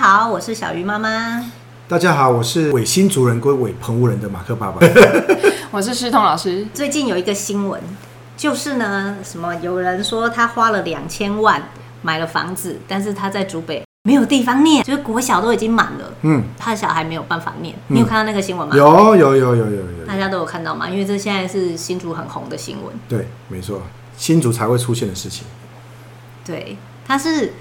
大家好，我是小魚媽媽。大家好，我是偽新竹人歸偽棚屋人的馬克爸爸。 我是師彤老師。最近有一個新聞，就是呢，什麼有人說他花了兩千萬買了房子，但是他在竹北沒有地方念，就是國小都已經滿了，嗯，他的小孩沒有辦法念，嗯。你有看到那個新聞嗎？嗯、有有有有有有。大家都有看到嗎？因為這現在是新竹很紅的新聞。對，沒錯，新竹才會出現的事情。對，他是。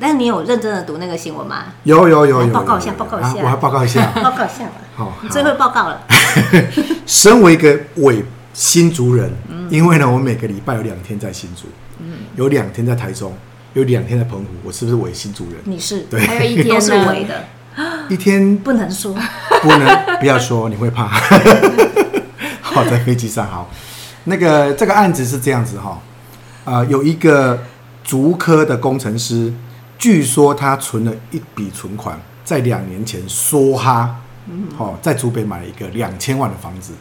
但是你有認真的讀那個新聞嗎？有有有報告一下有,有,有,有,有，報告一下，報告一下，我還報告一下， 報告一下吧，好，好你最後報告了。 身為一個偽新竹人、嗯，因為呢，我每個禮拜有兩天在新竹，嗯、有兩天在台中，有兩天在澎湖，我是不是偽新竹人？你是，對，還有一天是偽的。 一天不能說，不能不要說，你會怕。 好，在飛機上好，那個這個案子是這樣子哈，啊、呃，有一個竹科的工程師。據說他存了一筆存款，在兩年前梭哈，嗯、哦，在竹北買了一個兩千萬的房子，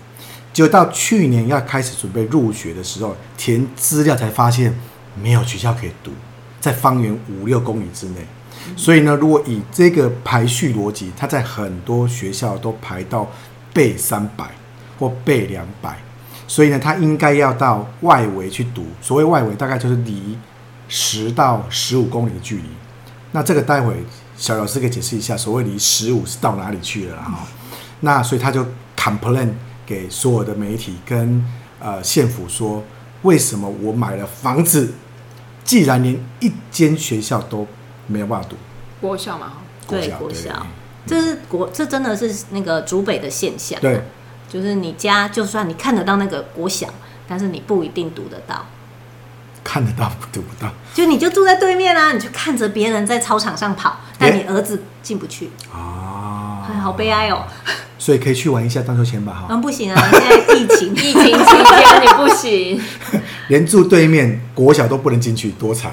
就到去年要開始準備入學的時候，填資料才發現沒有學校可以讀，在方圓五六公里之內、嗯。所以呢，如果以這個排序邏輯，他在很多學校都排到背三百或背兩百，所以呢，他應該要到外圍去讀。所謂外圍，大概就是離十到十五公里的距離。那這個待會小老師給解釋一下，所謂離十五是到哪裡去了哈、啊嗯？那所以他就 complain 給所有的媒體跟呃縣府說，為什麼我買了房子，既然連一間學校都沒有辦法讀，國小嘛，對，國小、嗯，這是國，這真的是那個竹北的現象、啊，對，就是你家就算你看得到那個國小，但是你不一定讀得到。看得到讀不到，就你就住在對面啊。你就看着別人在操場上跑，欸、但你兒子進不去啊，哎，好悲哀哦。所以可以去玩一下盪秋千吧，啊，不行啊，現在疫情 疫情期間你不行，連住對面國小都不能進去，多慘。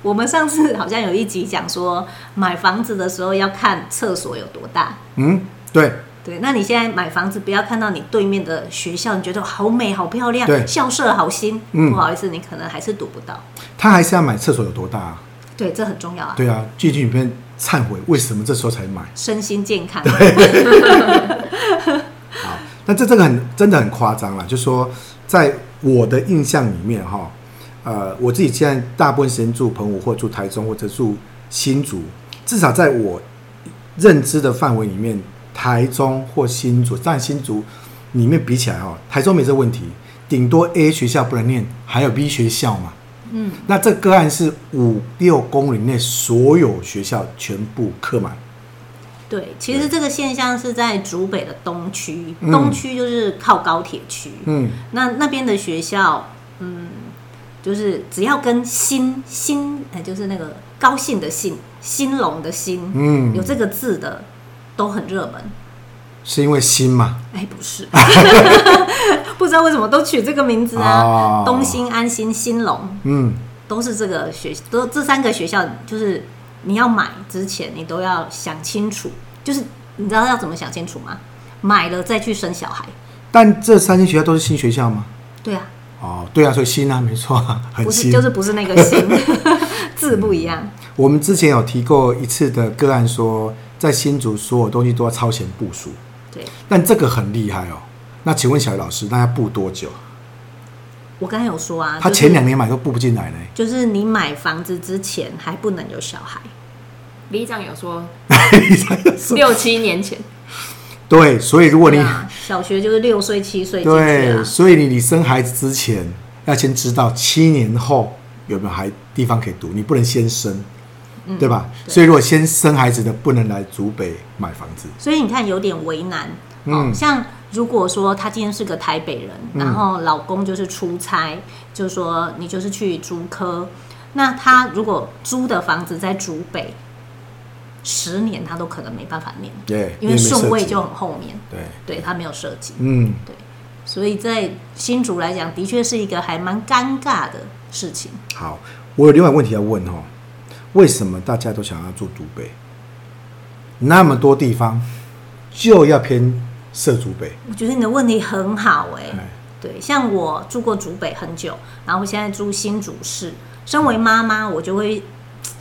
我們上次好像有一集講說買房子的時候要看廁所有多大，嗯，對。對，那你現在買房子，不要看到你對面的學校，你覺得好美、好漂亮，對，校舍好新、嗯，不好意思，你可能還是讀不到。他還是要買廁所有多大、啊？對，這很重要啊。對啊，進去裡面懺悔，為什麼這時候才買？身心健康。對。 好，那這這個很真的很誇張了，就是、說在我的印象裡面、哦，哈、呃，我自己現在大部分時間住澎湖，或住台中，或者住新竹，至少在我認知的範圍裡面。台中或新竹，但新竹裡面比起來哦，台中沒這問題，頂多 A 學校不能念，還有 B 學校嘛。嗯，那這個個案是五六公里內所有學校全部課滿。對，其實這個現象是在竹北的東區，東區就是靠高鐵區。嗯，那那邊的學校，嗯，就是只要跟興“興興，就是那個高興的“興”，興隆的“興”，嗯，有這個字的。都很熱門，是因為新嗎？哎、欸，不是 不知道為什麼都取這個名字啊、哦。東興、安興、興隆，嗯，都是這個學校，都這三個學校，就是你要買之前，你都要想清楚，就是你知道要怎麼想清楚嗎？買了再去生小孩。但這三間學校都是新學校嗎？對啊。哦，對啊，所以新啊，沒錯，很新，不是，就是不是那個新 字不一樣。我們之前有提過一次的個案說。在新竹，所有東西都要超前部署。對，但這個很厲害哦。那請問小葉老師，那要步多久？我剛才有說啊、就是，他前兩年買都步不進來呢。就是你買房子之前還不能有小孩。就是、小孩李長有說， 六七年前。 對，所以如果你、啊、小學就是六歲七歲，對，所以你你生孩子之前要先知道七年後有沒有還地方可以讀，你不能先生。對吧？嗯，對。所以如果先生孩子的不能來竹北買房子，所以你看有點為難。嗯，哦、像如果說他今天是個台北人，嗯，然後老公就是出差，就說你就是去竹科，那他如果租的房子在竹北，十年他都可能沒辦法念，對，因為順位就很後面，對，對他沒有設計，嗯，對，所以在新竹來講，的確是一個還蠻尷尬的事情。好，我有另外一個問題要問哈，哦。為什麼大家都想要住竹北？那麼多地方就要偏設竹北。我覺得你的問題很好，哎，對，像我住過竹北很久，然後我現在住新竹市。身為媽媽，我就會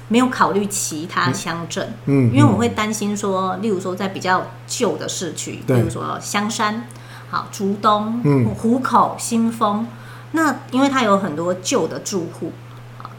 沒有考慮其他鄉鎮，嗯嗯，嗯，因為我會擔心說，例如說在比較舊的市區，例如說香山、好竹東、湖口、新豐，嗯，那因為它有很多舊的住戶，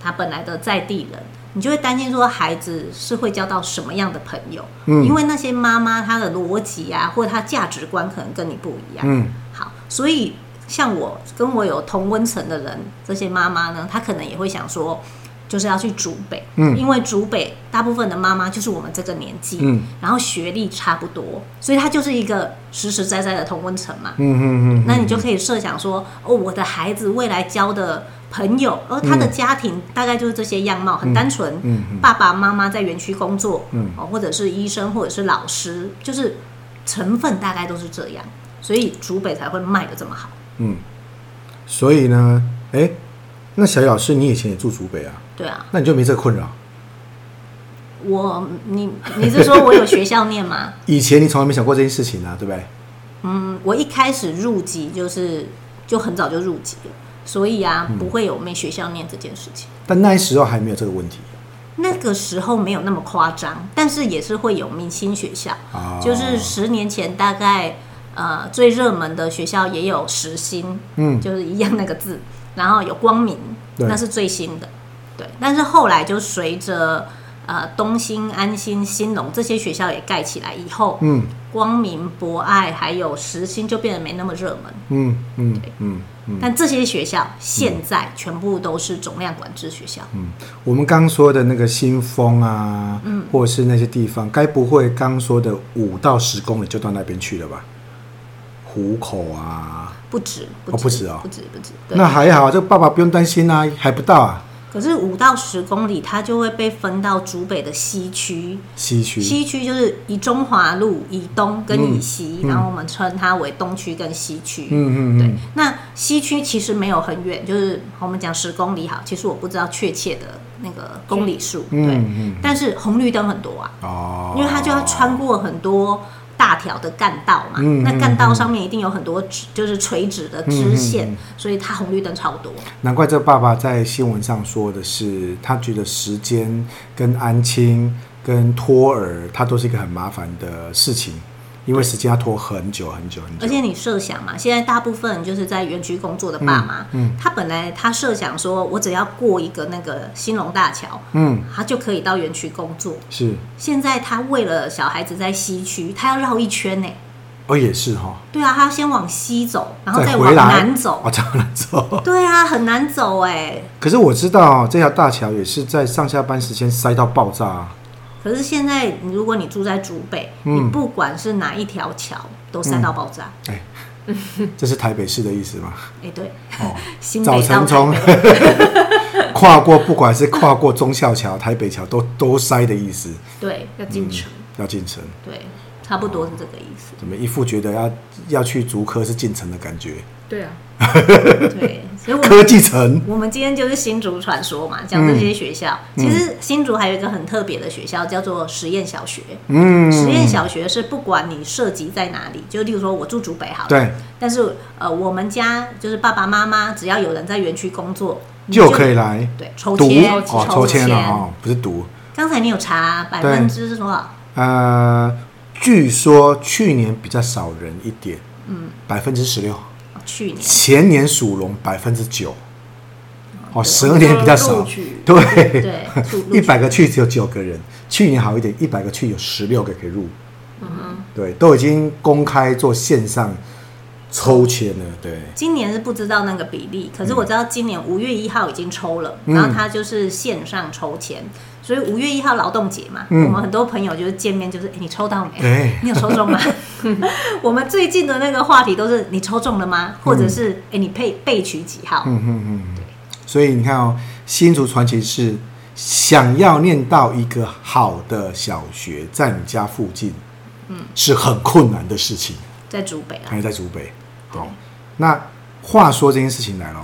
他本來的在地人。你就會擔心說，孩子是會交到什麼樣的朋友，嗯、因為那些媽媽她的邏輯啊，或者她價值觀可能跟你不一樣，嗯、好，所以像我跟我有同溫層的人，這些媽媽呢，她可能也會想說，就是要去竹北。嗯，因為竹北大部分的媽媽就是我們這個年紀、嗯，然後學歷差不多，所以她就是一個實實在在，在的同溫層嘛，嗯嗯嗯，那你就可以設想說，哦，我的孩子未來交的，朋友，而他的家庭大概就是這些樣貌，嗯、很單純、嗯嗯嗯。爸爸媽媽在園區工作、嗯，或者是醫生，或者是老師、嗯，就是成分大概都是這樣，所以竹北才會賣得這麼好。嗯，所以呢，哎、欸，那小老師，你以前也住竹北啊？對啊，那你就沒這困擾。我，你，你是說我有學校念嗎？ 以前你從來沒想過這件事情啊，對不對？嗯，我一開始入籍就是就很早就入籍了。所以啊，不會有沒學校念這件事情、嗯。但那時候還沒有這個問題，那個時候沒有那麼誇張，但是也是會有明星學校，哦、就是十年前大概呃最熱門的學校也有十興，嗯，就是一樣那個字，然後有光明，那是最新的，對。但是後來就隨着。呃、東興、安興、興隆這些學校也蓋起來以後，嗯，光明、博愛還有十興就變得沒那麼熱門，嗯嗯嗯，嗯但這些學校、嗯、現在全部都是總量管制學校。嗯、我們剛說的那個新豐啊，嗯，或者是那些地方，該不會剛說的五到十公里就到那邊去了吧？湖口啊，不止，不止啊、哦，不止不止，不止，不止，不止，不止。那還好，這個爸爸不用擔心啊，還不到啊。可是五到十公里，它就會被分到竹北的西區。西區西區就是以中華路以東跟以西，嗯嗯，然後我們稱它為東區跟西區。嗯嗯，嗯對，那西區其實沒有很遠，就是我們講十公里好，其實我不知道確切的那個公里數。嗯、對、嗯嗯。但是紅綠燈很多啊。哦。因為它就要穿過很多。大條的幹道嘛，那幹道上面一定有很多就是垂直的支線，嗯嗯嗯嗯、所以它紅綠燈超多。難怪這爸爸在新聞上說的是，他覺得時間跟安親跟托兒他都是一個很麻煩的事情。因為時間要拖很久很久很久。而且你設想嘛，現在大部分就是在園區工作的爸媽，嗯嗯、他本來他設想說，我只要過一個那個興隆大橋，嗯，他就可以到園區工作。是。現在他為了小孩子在西區，他要繞一圈呢。哦，也是哈。對啊，他要先往西走，然後再往南走。往南、哦、走。對啊，很難走哎。可是我知道這條大橋也是在上下班時間塞到爆炸、啊。可是現在，如果你住在竹北，嗯，你不管是哪一條橋都塞到爆炸。哎，嗯，這是台北市的意思嗎？哎，對，哦，新早晨從 跨過，不管是跨過忠孝橋、台北橋，都都塞的意思。對，要進城，嗯。要進城。對，差不多是這個意思。怎麼一副覺得要要去竹科是進城的感覺？對啊。 對，所以科技城，我們今天就是新竹傳說嘛，講這些學校、嗯。其實新竹還有一個很特別的學校，叫做實驗小學。嗯，實驗小學是不管你涉及在哪裡，就例如說我住竹北好了，對。但是呃，我們家就是爸爸媽媽，只要有人在園區工作就，就可以來。對，抽籤、哦、抽籤了哦，哦，不是讀。剛才你有查百分之是多少？呃，據說去年比較少人一點，嗯，百分之十六。去年前年屬龍百分之九，哦，十二年比較少，對，一百個去只有九個，個，個人，去年好一點，一百個去有十六個可以入，嗯，對，都已經公開做線上。抽籤了，對。今年是不知道那個比例，可是我知道今年五月一號已經抽了，嗯，然後他就是線上抽籤，所以五月一號勞動節嘛，嗯，我們很多朋友就是見面，就是你抽到沒？對。你有抽中嗎？ 我們最近的那個話題都是你抽中了嗎？嗯，或者是哎你配備取幾號？嗯嗯嗯。所以你看哦，新竹傳奇是想要念到一個好的小學在你家附近，嗯，是很困難的事情，在竹北啊，還在竹北。嗯、那話說這件事情來咯，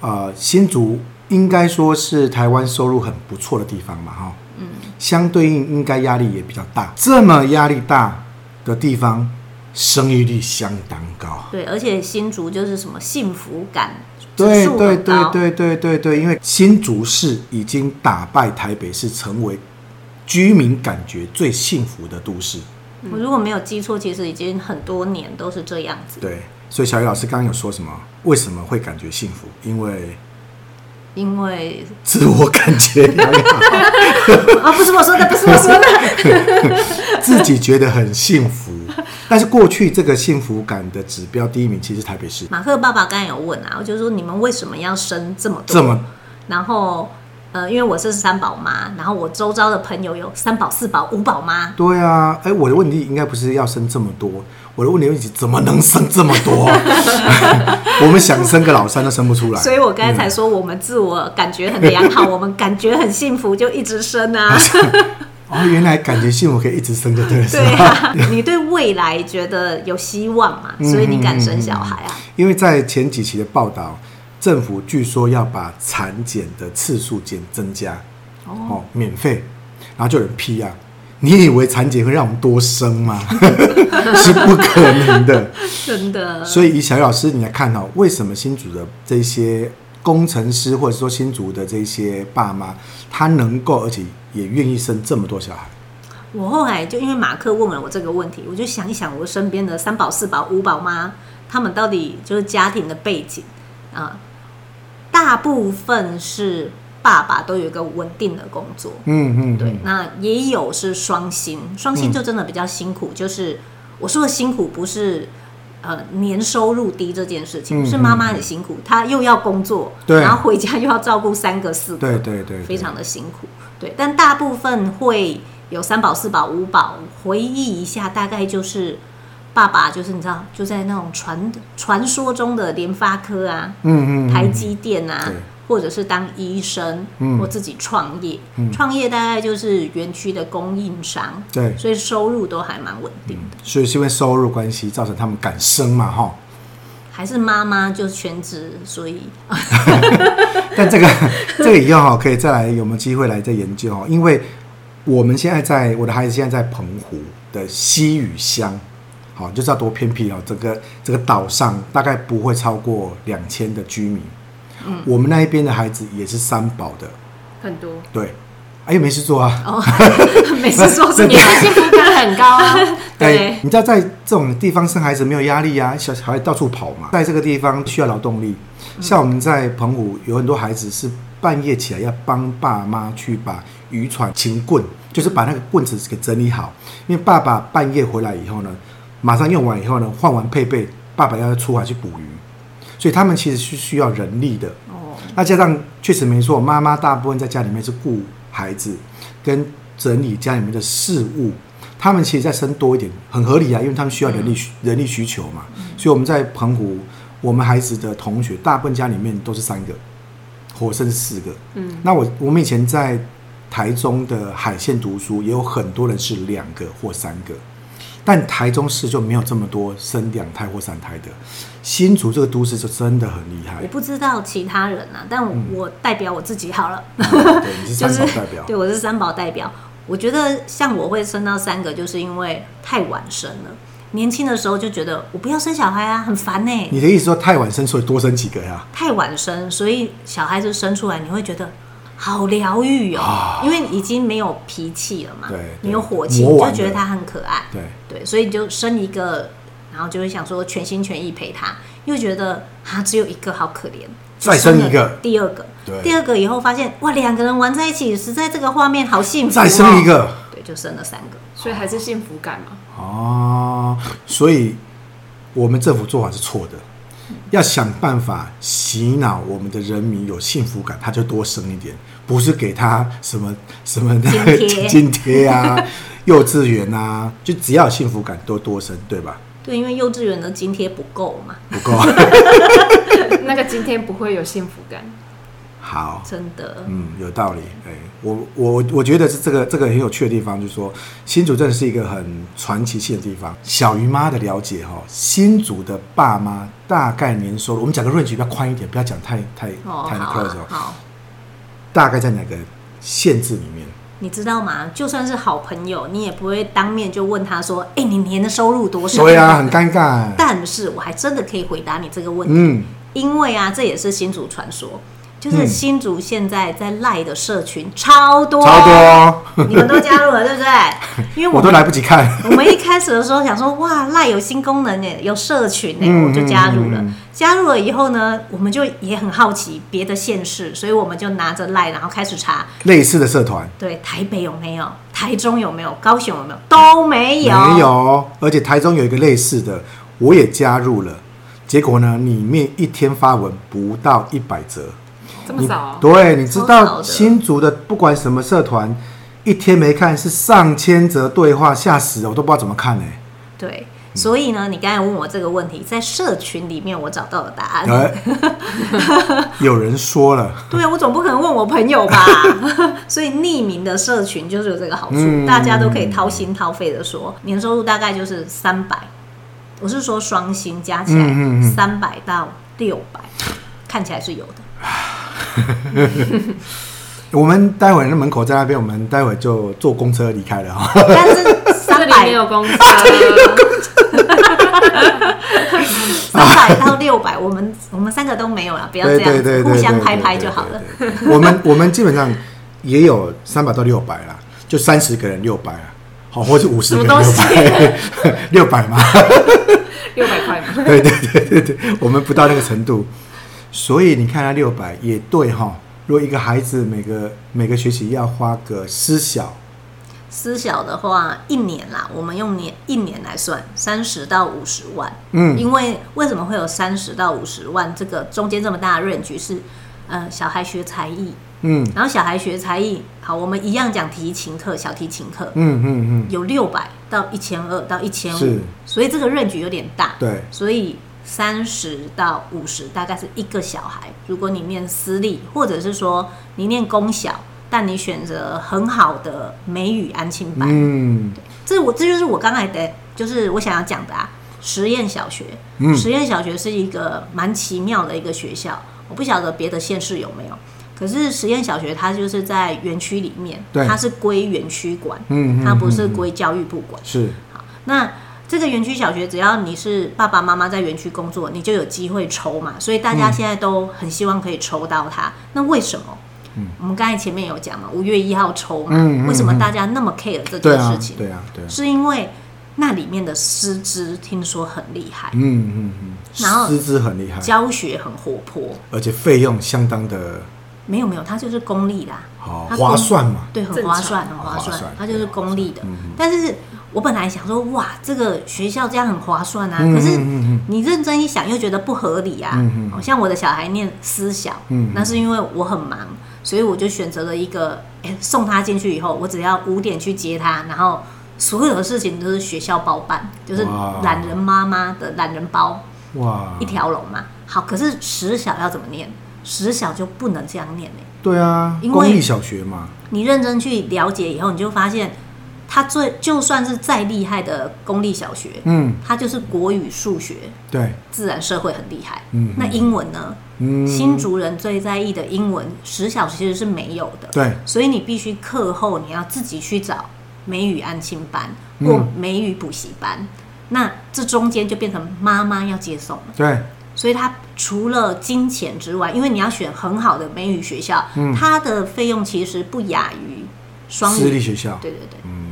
呃，新竹應該說是台灣收入很不錯的地方嘛，哈、哦，嗯，相對應應該壓力也比較大，這麼壓力大的地方，生育率相當高，對，而且新竹就是什麼幸福感指數很高，對對對對對對對，因為新竹市已經打敗台北市，成為居民感覺最幸福的都市。嗯、我如果沒有記錯，其實已經很多年都是這樣子，對。所以小雨老師剛剛有說什麼？為什麼會感覺幸福？因為，因為自我感覺良好、 啊，不是我說的，不是我說的， 自己覺得很幸福。但是過去這個幸福感的指標第一名其實台北市。馬克爸爸剛剛有問啊，我就說你們為什麼要生這麼多？這麼然後。呃，因為我是三寶媽，然後我週遭的朋友有三寶、四寶、五寶媽。對啊，哎、欸，我的問題應該不是要生這麼多，我的問問題是怎麼能生這麼多？ 我們想生個老三都生不出來。所以我剛才才說，我們自我感覺很良好， 我們感覺很幸福，就一直生啊。 哦，原來感覺幸福可以一直生，就對了。對啊，你對未來覺得有希望嘛，所以你敢生小孩啊？ 嗯嗯嗯嗯、因為在前幾期的報道。政府據說要把產檢的次數減增加哦，哦，免費，然後就有人批啊？你以為產檢會讓我們多生嗎？ 是不可能的，真的。所以，以，小玉老師，你來看哈，為什麼新竹的這些工程師，或者說新竹的這些爸媽，他能夠而且也願意生這麼多小孩？我後來就因為馬克問了我這個問題，我就想一想我身邊的三寶、四寶、五寶媽，他們到底就是家庭的背景啊？呃大部分是爸爸都有一個穩定的工作，嗯嗯，對。那也有是雙薪，雙薪就真的比較辛苦。嗯、就是我說的辛苦，不是、呃、年收入低這件事情，嗯、是媽媽很辛苦，她、嗯、又要工作，然後回家又要照顧三個四個，對對、對，非常的辛苦。對，但大部分會有三寶、四寶、五寶。回憶一下，大概就是。爸爸就是你知道，就在那種傳傳說中的聯發科啊，嗯嗯，嗯，台積電啊，或者是當醫生，嗯，我自己創業，嗯，創業大概就是園區的供應商，對，所以收入都還蠻穩定的，嗯、所以是因為收入關係造成他們敢生嘛？哈，還是媽媽就全職，所以， 但這個這個以後哈可以再來，有沒有機會來再研究，因為我們現在在我的孩子現在在澎湖的西嶼鄉。好，就知、是、道多偏僻了喔。整個這個島上大概不會超過兩千的居民，嗯。我們那一邊的孩子也是三寶的，很多。對，哎、欸，沒事做啊。沒事做， 是你的幸福感很高啊。對對對。對，你知道在這種地方生孩子沒有壓力呀，啊，小、小孩到處跑嘛。在這個地方需要勞動力，像我們在澎湖有很多孩子是半夜起來要幫爸媽去把漁船、琴、嗯、棍，就是把那個棍子給整理好，因為爸爸半夜回來以後呢。馬上用完以後呢，換完配備，爸爸要出海去捕魚，所以他們其實是需要人力的。哦，那加上確實沒錯，我媽媽大部分在家裡面是顧孩子跟整理家裡面的事物，他們其實再生多一點很合理啊，因為他們需要人力需人力需求嘛。所以我們在澎湖，我們孩子的同學大部分家裡面都是三個，或甚至四個。嗯，那我我們以前在台中的海線讀書，也有很多人是兩個或三個。但台中市就沒有這麼多生兩胎或三胎的，新竹這個都市就真的很厲害。我不知道其他人啊，但我代表我自己好了、嗯 就是哦。對，你是三寶代表、就是。對，我是三寶代表。我覺得像我會生到三個，就是因為太晚生了。年輕的時候就覺得我不要生小孩啊，很煩呢、欸。你的意思說太晚生所以多生幾個呀、啊？太晚生，所以小孩子生出來你會覺得。好療癒哦，因為你已經沒有脾氣了嘛，對，沒有火氣，你就覺得他很可愛，對對，所以你就生一個，然後就會想說全心全意陪他，又覺得他、啊、只有一個好可憐，再生一個第二個對，第二個以後發現哇，兩個人玩在一起，實在這個畫面好幸福、喔，再生一個，對，就生了三個，所以還是幸福感嘛。哦、啊，所以我們政府做法是錯的。要想辦法洗腦我們的人民有幸福感，他就多生一點，不是給他什麼什麼、那個，津貼津貼啊，幼稚園啊，就只要有幸福感都多生，對吧？對，因為幼稚園的津貼不夠嘛，不夠 那個津貼不會有幸福感。好，真的，嗯，有道理。哎、欸，我我我覺得是這個這個很有趣的地方，就是說新竹真的是一個很傳奇性的地方。小魚媽的了解哈，新竹的爸媽大概年收入，我們講個 range 比較寬一點，不要講太太、哦、太寬好，大概在哪個限制裡面？你知道嗎？就算是好朋友，你也不會當面就問他說：“哎、欸，你年的收入多少？”對啊，很尷尬。但是我還真的可以回答你這個問題，嗯、因為啊，這也是新竹傳說。就是新竹現在在賴的社群、嗯、超多，超多，哦，你們都加入了對不對？ 因為我，我都來不及看。 我們一開始的時候想說，哇，賴有新功能耶，有社群耶，嗯、我就加入了，嗯嗯。加入了以後呢，我們就也很好奇別的縣市，所以我們就拿着賴，然後開始查類似的社團。對，台北有沒有？台中有沒有？高雄有沒有？都沒有，嗯、沒有。而且台中有一個類似的，我也加入了。結果呢，裡面一天發文不到一百則。這麼早、哦、對，你知道新竹的不管什麼社團，一天沒看是上千則對話，嚇死了，我都不知道怎麼看呢、欸。對，所以呢，你剛才問我這個問題，在社群裡面我找到了答案有。有人說了， 對，我總不可能問我朋友吧？ 所以匿名的社群就是有這個好處，嗯、大家都可以掏心掏肺的說。年、嗯、收入大概就是三百，我是說雙薪加起來三百到六百、嗯嗯嗯，看起來是有的。 我們待會兒那門口在那邊，我們待會兒就坐公車離開了啊。但是這裡 沒有公、啊、公車三百、 啊、到六百，我們我們三個都沒有了，不要這樣，互相拍拍就好了。我們我們基本上也有三百到六百了，就三十個人六百了，好，或者五十個人六百，六 百嗎？六百塊嗎？對對對對， 我們不到那個程度。所以你看，他六百也對哈。如果一個孩子每個每個學期要花個私小，私小的話，一年啦，我們用年一年來算，三十到五十萬，嗯，因為為什麼會有三十到五十萬這個中間這麼大的 range，是，嗯、呃，小孩學才藝，嗯，然後小孩學才藝，好，我們一樣講提琴課，小提琴課，嗯嗯嗯，有六百到一千二到一千五，所以這個 range 有點大，對，所以。三十到五十，大概是一個小孩。如果你念私立，或者是說你念公小，但你選擇很好的美語安親班，嗯，對，這我這就是我剛才的，就是我想要講的啊。實驗小學，嗯，實驗小學是一個蠻奇妙的一個學校。我不曉得別的縣市有沒有，可是實驗小學它就是在園區裡面，它是歸園區管，嗯嗯，嗯，它不是歸教育部管，是，好，那。這個園區小學，只要你是爸爸媽媽在園區工作，你就有機會抽嘛。所以大家現在都很希望可以抽到它。嗯、那為什麼？嗯、我們剛才前面有講嘛，五月一號抽嘛。嗯嗯嗯。為什麼大家那麼 care 這件事情？對啊，對啊，啊啊、是因為那裡面的師資聽說很厲害。嗯嗯嗯。然後師資很厲害，教學很活潑，而且費用相當的。沒有沒有，它就是公立的。好，划算嘛？對，很划算，很划算。划算，它就是公立的，但是。我本來想說，哇，這個學校這樣很划算啊！可是你認真一想，又覺得不合理啊。嗯、好像我的小孩念私小、嗯，那是因為我很忙，所以我就選擇了一個，欸、送他進去以後，我只要五點去接他，然後所有的事情都是學校包辦，就是懶人媽媽的懶人包，哇，一條龍嘛。好，可是私小要怎麼念？私小就不能這樣念嗎、欸？對啊，因為小學嘛。你認真去了解以後，你就發現。他最就算是再厲害的公立小學，嗯，他就是國語、數學，對，自然、社會很厲害，嗯。那英文呢？嗯，新竹人最在意的英文，十小時其實是沒有的，對。所以你必須課後你要自己去找美語安親班或美語補習班、嗯，那這中間就變成媽媽要接送了，對。所以他除了金錢之外，因為你要選很好的美語學校，他、嗯、的費用其實不亞於雙語學校，對對對，嗯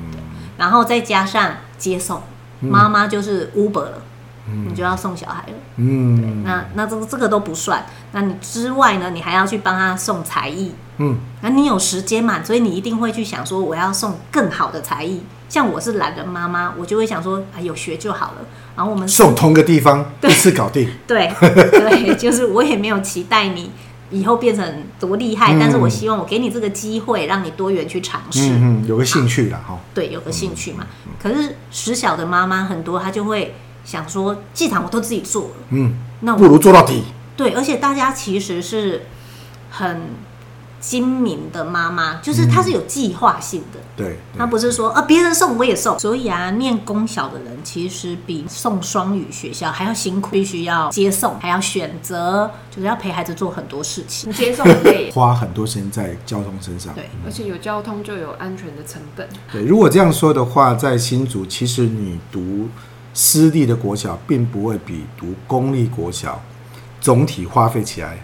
然後再加上接送，媽、嗯、媽就是 Uber 了、嗯，你就要送小孩了。嗯，對，那那這個這個都不算。那你之外呢，你還要去幫他送才藝。嗯，那你有時間嘛？所以你一定會去想說，我要送更好的才藝。像我是懶人媽媽，我就會想說，哎、啊，有學就好了。然後我們送同個地方，對，一次搞定。對對， 對，就是我也沒有期待你。以後變成多厲害，嗯，但是我希望我給你這個機會，讓你多元去嘗試。嗯，嗯，有個興趣了、啊。對，有個興趣嘛。嗯、可是實小的媽媽很多，她就會想說，既然我都自己做了。嗯，那不如做到底。對，而且大家其實是很。精明的媽媽就是她是有計劃性的，嗯、對、對，她不是說啊別人送我也送，所以啊念公小的人其實比送雙語學校還要辛苦，必須要接送，還要選擇，就是要陪孩子做很多事情，你接送費花很多時間在交通身上，對、嗯，而且有交通就有安全的成本，對。如果這樣說的話，在新竹其實你讀私立的國小，並不會比讀公立國小總體花費起來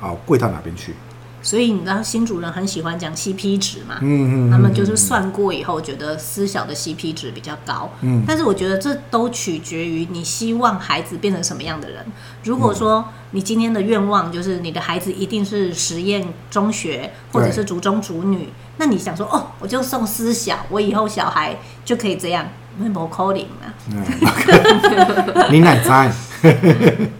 啊貴、哦、到哪邊去。所以你知道新竹人很喜歡講 CP 值嘛？嗯嗯，他們就是算過以後覺得私小的 CP 值比較高。嗯，但是我覺得這都取決於你希望孩子變成什麼樣的人。如果說你今天的願望就是你的孩子一定是實驗中學或者是竹中竹女，那你想說哦，我就送私小，我以後小孩就可以這樣。你奶奶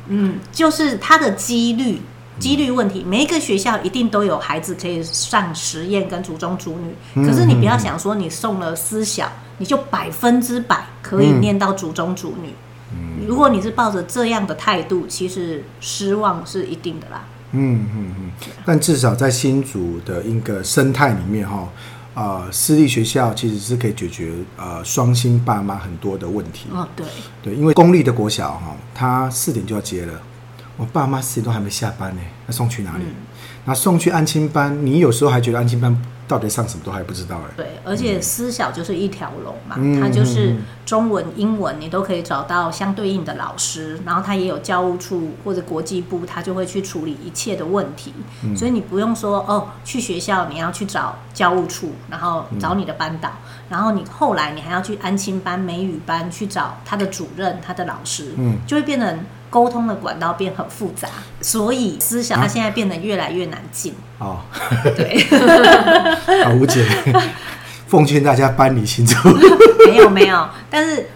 嗯，就是他的幾率。幾率問題，每一個學校一定都有孩子可以上實驗跟竹中竹女，嗯，可是你不要想說你送了私小，嗯，你就百分之百可以念到竹中竹女。嗯。如果你是抱着這樣的態度，其實失望是一定的啦。嗯嗯嗯。但至少在新竹的一個生態裡面哈，呃，私立學校其實是可以解決呃雙薪爸媽很多的問題。啊、哦，對。對，因為公立的國小哈，它四點就要接了。我爸媽自己都還沒下班呢、欸，那送去哪裡？嗯、那送去安親班，你有時候還覺得安親班到底上什麼都還不知道哎、欸。對，而且私小就是一條龍嘛、嗯，它就是中文、英文你都可以找到相對應的老師，然後它也有教務處或者國際部，他就會去處理一切的問題，嗯、所以你不用說哦，去學校你要去找教務處，然後找你的班導，嗯、然後你後來你還要去安親班、美語班去找他的主任、他的老師，嗯，就會變成。溝通的管道變很複雜，所以思想它現在變得越來越難進，啊。哦，對， 好無解，奉勸大家搬離新竹。沒有沒有，但是。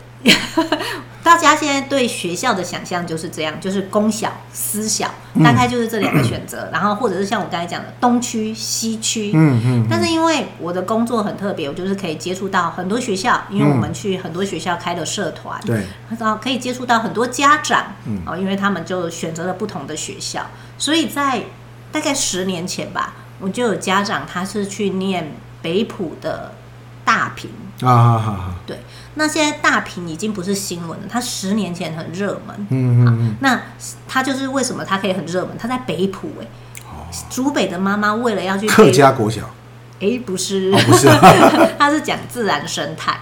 大家現在對學校的想象就是這樣，就是公小、私小，大概就是這兩個選擇，嗯，然後或者是像我剛才講的東區、西區。嗯嗯。但是因為我的工作很特別，我就是可以接觸到很多學校，因為我們去很多學校開了社團，嗯，對，然後可以接觸到很多家長，哦，因為他們就選擇了不同的學校，所以在大概十年前吧，我就有家長他是去念北埔的。大坪啊，對，那現在大坪已經不是新聞了，它十年前很熱門。嗯，嗯嗯，那它就是為什麼它可以很熱門？它在北埔哎、哦，竹北的媽媽為了要去客家國小，哎，不是、哦，不是、啊， 他是講自然生態。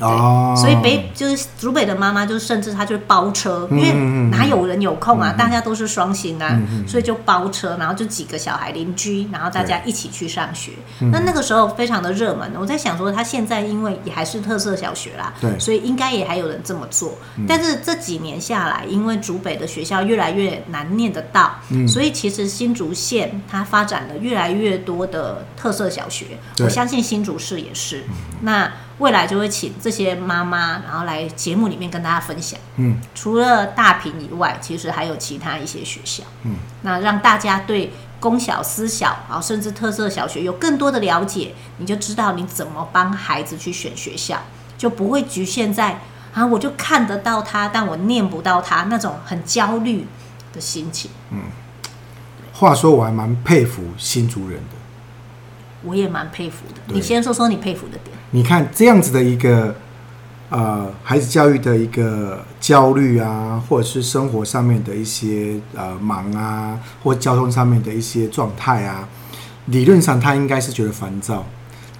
哦，所以北就是竹北的媽媽，就是甚至她就包車，因為哪有人有空啊？大家都是雙薪啊，所以就包車，然後就幾個小孩鄰居，然後大家一起去上學。那那個時候非常的熱門。我在想說，他現在因為也還是特色小學啦，對，所以應該也還有人這麼做。但是這幾年下來，因為竹北的學校越來越難念得到，所以其實新竹縣它發展了越來越多的特色小學，我相信新竹市也是。那未來就會請這些媽媽，然後來節目裡面跟大家分享。嗯，除了大屏以外，其實還有其他一些學校。嗯，那讓大家對公小、私小啊，然後甚至特色小學有更多的了解，你就知道你怎麼幫孩子去選學校，就不會侷限在啊，我就看得到他，但我念不到他那種很焦慮的心情。嗯，話說我還蠻佩服新竹人的。我也蠻佩服的。你先說說你佩服的點。你看這樣子的一個，呃，孩子教育的一個焦慮啊，或者是生活上面的一些呃忙啊，或交通上面的一些狀態啊，理論上他應該是覺得煩躁。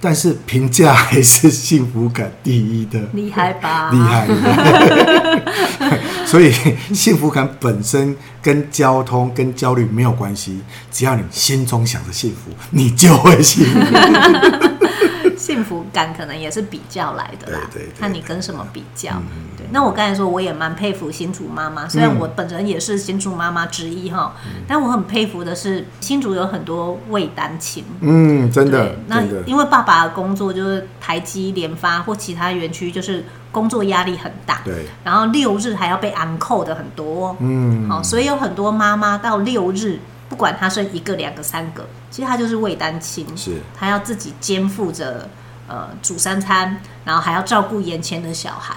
但是評價還是幸福感第一的，厲害吧？厲害！ 所以幸福感本身跟交通、跟焦慮沒有關係，只要你心中想着幸福，你就會幸福。 幸福感可能也是比較來的啦，看你跟什麼比較。嗯、對，那我剛才說，我也蠻佩服新竹媽媽，雖然我本人也是新竹媽媽之一哈、嗯，但我很佩服的是新竹有很多偽單親。嗯，真的對。那因為爸爸的工作就是台積、聯發或其他園區，就是工作壓力很大。然後六日還要被按扣的很多。嗯。所以有很多媽媽到六日，不管她生一個、兩個、三個，其實她就是偽單親，是她要自己肩負着。呃，煮三餐，然後還要照顧眼前的小孩，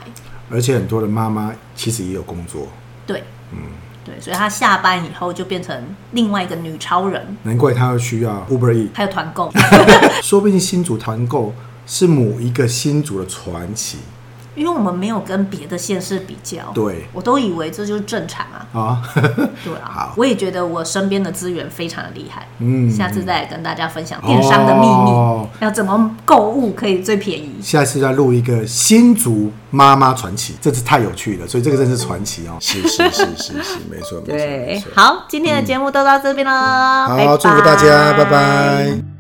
而且很多的媽媽其實也有工作，對，嗯，對，所以她下班以後就變成另外一個女超人，難怪她又需要 Uber E，還有團購， 說不定新竹團購是某一個新竹的傳奇。因為我們沒有跟別的縣市比較，對，我都以為這就是正常啊。啊，對啊，好，我也覺得我身邊的資源非常的厲害。嗯，下次再來跟大家分享電商的秘密、哦，要怎麼購物可以最便宜、哦。下次再錄一個新竹媽媽傳奇，這次太有趣了，所以這個真是傳奇哦、喔嗯。是是是是是，是， 沒錯沒錯。對，好，今天的節目都到這邊了、嗯、好，祝福大家，拜拜，拜。